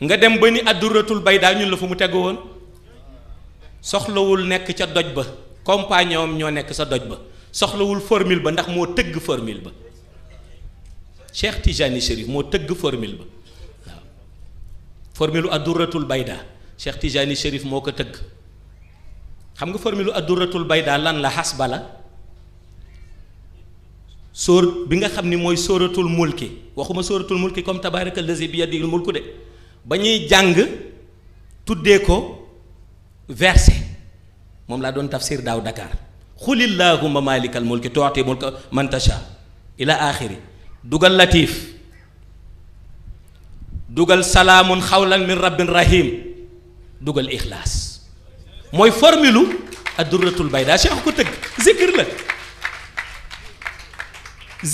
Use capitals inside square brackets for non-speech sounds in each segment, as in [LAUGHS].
nga dem ba ni adduratul bay daa ñun la fu mu tegu woon soxlawul nekk ca doj ba compagnon am ñoo nekk sa doj ba soxlawul formule ba ndax moo tëgg formule ba Cheikh Tijani Chérif moo tëgg formule ba waaw formule u bayda Cheikh Tijani Chérif moo ko tëgg xam nga formule u adduratul bayda lan la xas bala soor bi nga xam ni mooy sóoratul mulki waxuma sóoratul mulki comme tabaaraka lazi bi yadihil mulku de ba ñuy jàng tuddee ko verset moom laa doon tafsir daaw Dakar xulillahuma malikal mulki tuuti mulka man tasha ila axiri dugal latif dugal salaamun xawlan min rabbin rahim dugal ixlaas mooy formilu addurratul bayda cheikh ko tëgg zikir la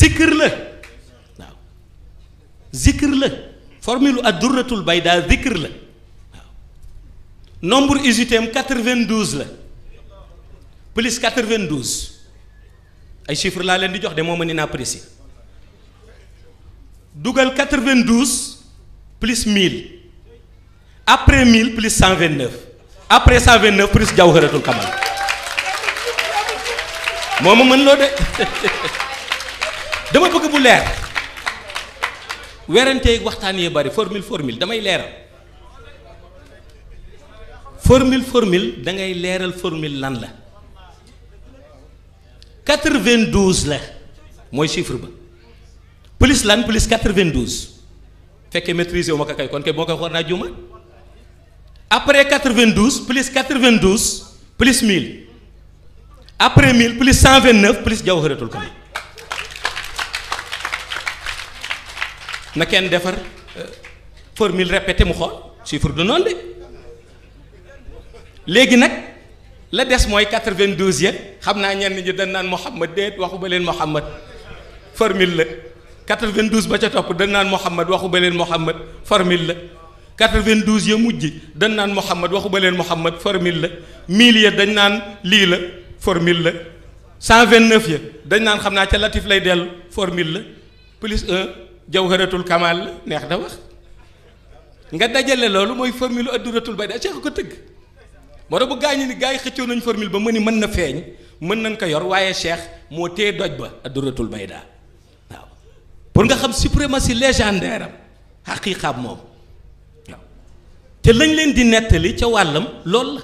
zikir la waaw zikir la formule bay bayda zikr la nombre usité am 92 la plus 92 ay chiffres laa leen di jox de moo ma ni naa précis dugal plus 1000 après mille plus 129 après 129 plus jawharatul kamal moo ma mën loo de [LAUGHS] dama bëgg bu leer. werantee waxtaan yee bari formule formule damay leeral formule formule da ngay leeral formule lan la 92 la mooy chiffre ba plus lan plus 92 fekkee maîtriser wu ma ko kay kon kay boo koy xool naa juuma après 92 plus 92 plus 1000 après 1000 plus 129 plus jawharatul kamal na kenn defar euh, formule répétée mu xool chiffre du noonu de léegi nag la des mooy quatre-vingt-douze ya xam naa ñenn ñi dañ naan Mouhamad déet waxu ba leen Mouhamad formule la quatre-vingt-douze ba ca topp dañ naan Mouhamad waxu ba leen Mouhamad formule la. 92 ya mujj dañ naan Mouhamad waxu ba leen Mouhamad formule la 1000 ya dañ naan lii la formule la 129 ya dañ naan xam naa ca Latif lay dellu formule la plus jawharatul kamal la neex na wax nga dajale loolu mooy formule adduratul bay da Cheikh ko tëgg moo bu gaa ñi ni gaa yi xëccoo nañ formule ba ma ni mën na feeñ mën nañ ko yor waaye Cheikh moo téye doj ba adduratul bay daa waaw pour nga xam suprématie légendaire am xaqiiqaam moom waaw te lañ leen di nettali ca wàllam lool la